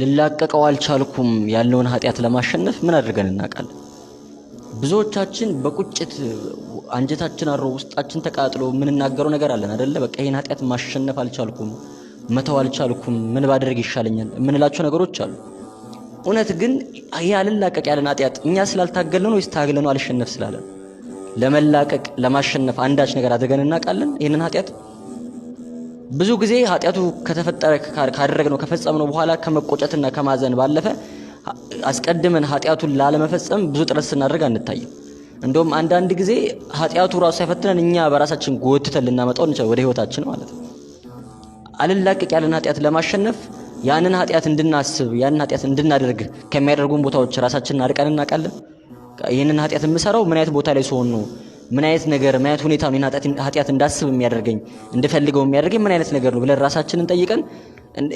ልላቀቀው አልቻልኩም ያለውን ኃጢአት ለማሸነፍ ምን አድርገን እናውቃለን? ብዙዎቻችን በቁጭት አንጀታችን አሮ ውስጣችን ተቃጥሎ የምንናገረው ነገር አለን አደለ? በቃ ይህን ኃጢአት ማሸነፍ አልቻልኩም፣ መተው አልቻልኩም፣ ምን ባደረግ ይሻለኛል የምንላቸው ነገሮች አሉ። እውነት ግን ይህ አልላቀቅ ያለን ኃጢአት እኛ ስላልታገልን ወይስ ታግለነው አልሸነፍ ስላለን? ለመላቀቅ ለማሸነፍ አንዳች ነገር አድርገን እናውቃለን ይህንን ኃጢአት? ብዙ ጊዜ ኃጢአቱ ከተፈጠረ ከፈጸም ነው በኋላ ከመቆጨትና ከማዘን ባለፈ አስቀድመን ኃጢአቱን ላለመፈጸም ብዙ ጥረት ስናደርግ አንታይም። እንደውም አንዳንድ ጊዜ ኃጢአቱ ራሱ ሳይፈትነን እኛ በራሳችን ጎትተን ልናመጣው እንችላል፣ ወደ ህይወታችን ማለት ነው። አልላቀቅ ያለን ኃጢአት ለማሸነፍ ያንን ኃጢአት እንድናስብ ያንን ኃጢአት እንድናደርግ ከሚያደርጉን ቦታዎች ራሳችንን አርቀን እናውቃለን። ይህንን ኃጢአት የምሰራው ምን አይነት ቦታ ላይ ሲሆን ነው ምን አይነት ነገር ምን አይነት ሁኔታ ነው ኃጢአት እንዳስብ የሚያደርገኝ እንድፈልገው የሚያደርገኝ ምን አይነት ነገር ነው ብለን ራሳችንን ጠይቀን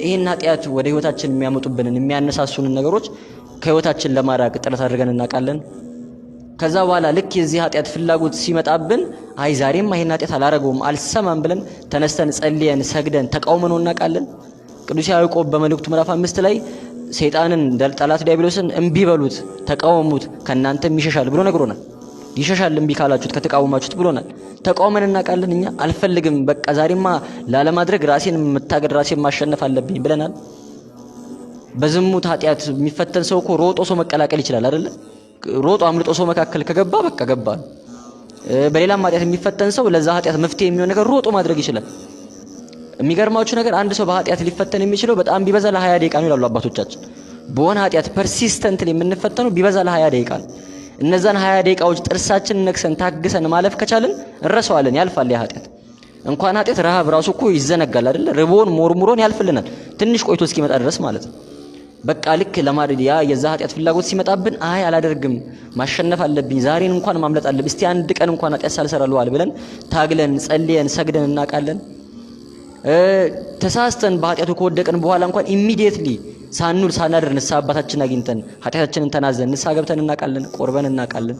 ይህን ኃጢአት ወደ ህይወታችን የሚያመጡብንን የሚያነሳሱንን ነገሮች ከህይወታችን ለማራቅ ጥረት አድርገን እናውቃለን። ከዛ በኋላ ልክ የዚህ ኃጢአት ፍላጎት ሲመጣብን አይ ዛሬም ይህን ኃጢአት አላረገውም አልሰማም ብለን ተነስተን ጸልየን ሰግደን ተቃውመን እናውቃለን። ቅዱስ ያዕቆብ በመልእክቱ ምዕራፍ አምስት ላይ ሰይጣንን ጠላት ዲያብሎስን እምቢ በሉት፣ ተቃወሙት፣ ከእናንተም ይሸሻል ብሎ ነግሮናል። ይሸሻል እምቢ ካላችሁት ከተቃወማችሁት ብሎናል። ተቃውመን እናውቃለን። እኛ አልፈልግም፣ በቃ ዛሬማ ላለማድረግ ራሴን መታገድ ራሴን ማሸነፍ አለብኝ ብለናል። በዝሙት ኃጢአት የሚፈተን ሰው እኮ ሮጦ ሰው መቀላቀል ይችላል አይደለ? ሮጦ አምልጦ ሰው መካከል ከገባ በቃ ገባ። በሌላም ኃጢአት የሚፈተን ሰው ለዛ ኃጢአት መፍትሄ የሚሆን ነገር ሮጦ ማድረግ ይችላል። የሚገርማችሁ ነገር አንድ ሰው በኃጢአት ሊፈተን የሚችለው በጣም ቢበዛ ለሀያ ደቂቃ ነው ይላሉ አባቶቻችን። በሆነ ኃጢአት ፐርሲስተንት የምንፈተነው ቢበዛ ለሀያ ደቂቃ ነው። እነዛን ሀያ ደቂቃዎች ጥርሳችን ነክሰን ታግሰን ማለፍ ከቻልን እንረሳዋለን፣ ያልፋል። ያ ኃጢአት እንኳን ኃጢአት ረሃብ ራሱ እኮ ይዘነጋል አይደለ? ርቦን ሞርሙሮን ያልፍልናል፣ ትንሽ ቆይቶ እስኪመጣ ድረስ ማለት ነው። በቃ ልክ ለማድረግ ያ የዛ ኃጢአት ፍላጎት ሲመጣብን አይ አላደርግም፣ ማሸነፍ አለብኝ፣ ዛሬን እንኳን ማምለጥ አለብኝ፣ እስቲ አንድ ቀን እንኳን ኃጢአት ሳልሰራ ልዋል ብለን ታግለን ጸልየን ሰግደን እናውቃለን። ተሳስተን በኃጢአቱ ከወደቀን በኋላ እንኳን ኢሚዲየትሊ ሳኑል ሳናድር ንስሐ አባታችን አግኝተን ኃጢአታችንን ተናዘን ንስሐ ገብተን እናውቃለን፣ ቆርበን እናውቃለን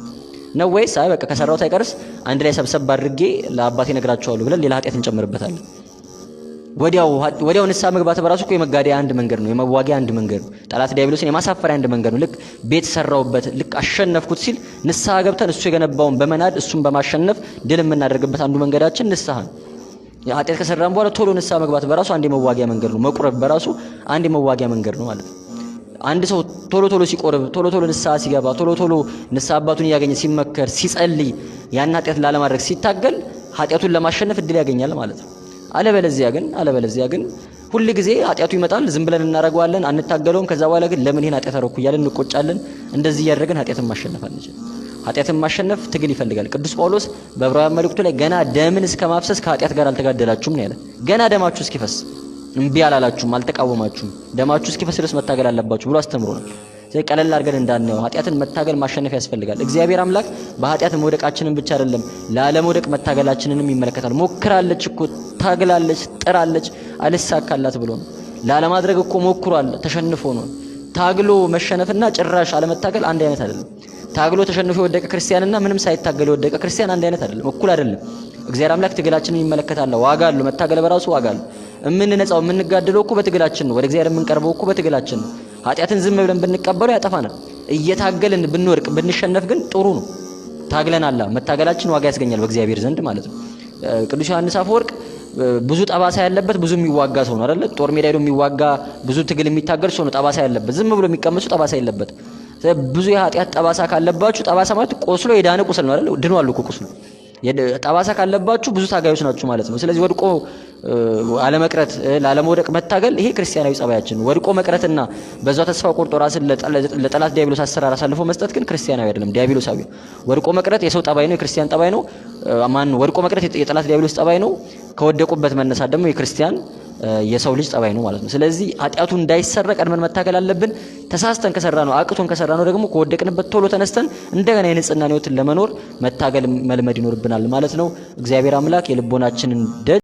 ነው ወይስ አይ በቃ ከሰራሁት አይቀርስ አንድ ላይ ሰብሰብ አድርጌ ለአባቴ እነግራቸዋለሁ ብለን ሌላ ኃጢአት እንጨምርበታለን? ወዲያው ወዲያው ንስሐ መግባት በራሱ እኮ የመጋደያ አንድ መንገድ ነው፣ የመዋጊያ አንድ መንገድ ነው፣ ጠላት ዲያብሎስን የማሳፈሪያ አንድ መንገድ ነው። ልክ ቤት ሰራውበት፣ ልክ አሸነፍኩት ሲል ንስሐ ገብተን እሱ የገነባውን በመናድ እሱን በማሸነፍ ድል የምናደርግበት አንዱ መንገዳችን ንስሐ ነው። ኃጢአት ከሰራን በኋላ ቶሎ ንሳ መግባት በራሱ አንድ የመዋጊያ መንገድ ነው። መቁረብ በራሱ አንድ የመዋጊያ መንገድ ነው ማለት ነው። አንድ ሰው ቶሎ ቶሎ ሲቆርብ፣ ቶሎ ቶሎ ንሳ ሲገባ፣ ቶሎ ቶሎ ንሳ አባቱን እያገኘ ሲመከር፣ ሲጸልይ፣ ያን ኃጢአት ላለማድረግ ሲታገል ኃጢአቱን ለማሸነፍ እድል ያገኛል ማለት ነው። አለበለዚያ ግን አለበለዚያ ግን ሁል ጊዜ ኃጢአቱ ይመጣል፣ ዝም ብለን እናደርገዋለን፣ አንታገለውም። ከዛ በኋላ ግን ለምን ይሄን ኃጢአት አደረኩ እያለን እንቆጫለን። እንደዚህ እያደረግን ኃጢአትን ማሸነፍ አንችልም። ኃጢአትን ማሸነፍ ትግል ይፈልጋል። ቅዱስ ጳውሎስ በዕብራውያን መልእክቱ ላይ ገና ደምን እስከ ማፍሰስ ከኃጢአት ጋር አልተጋደላችሁም ነው ያለ። ገና ደማችሁ እስኪፈስ እምቢ አላላችሁም፣ አልተቃወማችሁም። ደማችሁ እስኪፈስ ድረስ መታገል አለባችሁ ብሎ አስተምሮናል። ስለዚህ ቀለል አድርገን እንዳናየው ኃጢአትን መታገል ማሸነፍ ያስፈልጋል። እግዚአብሔር አምላክ በኃጢአት መውደቃችንን ብቻ አይደለም ላለመውደቅ መታገላችንንም ይመለከታል። ሞክራለች እኮ ታግላለች፣ ጥራለች፣ አልሳካላት ብሎ ነው። ላለማድረግ እኮ ሞክሯል፣ ተሸንፎ ነው። ታግሎ መሸነፍና ጭራሽ አለመታገል አንድ አይነት አይደለም። ታግሎ ተሸንፎ የወደቀ ክርስቲያንና ምንም ሳይታገል የወደቀ ክርስቲያን አንድ አይነት አይደለም፣ እኩል አይደለም። እግዚአብሔር አምላክ ትግላችንን ይመለከታል። ዋጋ አለው፣ መታገል በራሱ ዋጋ አለው። የምንነጻው የምንጋደለው እኮ በትግላችን ነው። ወደ እግዚአብሔር የምንቀርበው እኮ በትግላችን ነው። ኃጢአትን ዝም ብለን ብንቀበለው ያጠፋናል። እየታገልን ብንወድቅ ብንሸነፍ ግን ጥሩ ነው። ታግለናላ መታገላችን ዋጋ ያስገኛል በእግዚአብሔር ዘንድ ማለት ነው። ቅዱስ ዮሐንስ አፈወርቅ ብዙ ጠባሳ ያለበት ብዙ የሚዋጋ ሰው ነው አይደለ? ጦር ሜዳ ሄዶ የሚዋጋ ብዙ ትግል የሚታገል ሰው ነው። ጠባሳ ያለበት ዝም ብሎ የሚቀመሱ ጠባሳ የለበት ብዙ የኃጢአት ጠባሳ ካለባችሁ ጠባሳ ማለት ቆስሎ የዳነ ቁስል ነው አይደል? ድኖ አሉ እኮ ቁስሉ። ጠባሳ ካለባችሁ ብዙ ታጋዮች ናችሁ ማለት ነው። ስለዚህ ወድቆ አለመቅረት፣ ላለመውደቅ መታገል ይሄ ክርስቲያናዊ ጸባያችን። ወድቆ መቅረትና በዛ ተስፋ ቆርጦ ራስን ለጠላት ዲያብሎስ አሰራር አሳልፎ መስጠት ግን ክርስቲያናዊ አይደለም፣ ዲያብሎሳዊ። ወድቆ መቅረት የሰው ጠባይ ነው፣ የክርስቲያን ጠባይ ነው። ማን ወድቆ መቅረት የጠላት ዲያብሎስ ጠባይ ነው። ከወደቁበት መነሳት ደግሞ የክርስቲያን የሰው ልጅ ጠባይ ነው ማለት ነው። ስለዚህ ኃጢአቱ እንዳይሰረቅ ቀድመን መታገል አለብን። ተሳስተን ከሰራ ነው አቅቶን ከሰራ ነው ደግሞ ከወደቅንበት ቶሎ ተነስተን እንደገና የንጽህና ህይወትን ለመኖር መታገል መልመድ ይኖርብናል ማለት ነው። እግዚአብሔር አምላክ የልቦናችንን ደጅ